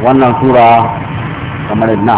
wannan sura kamar na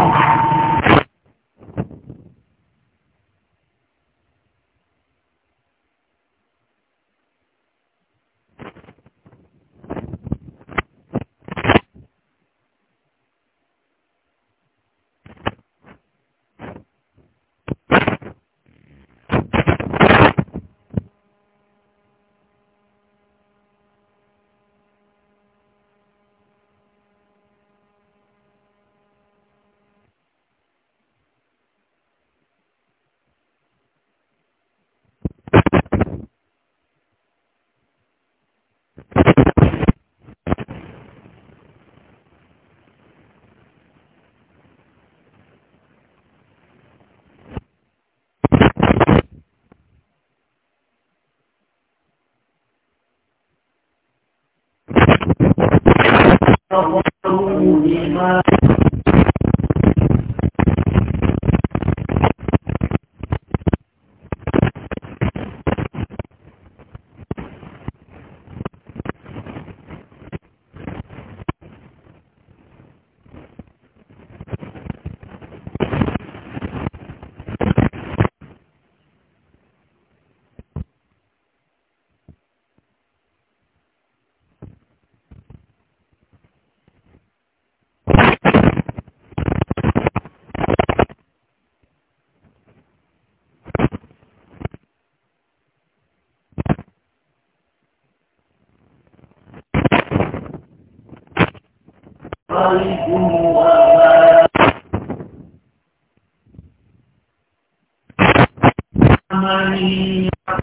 تظهروا بما Amani ya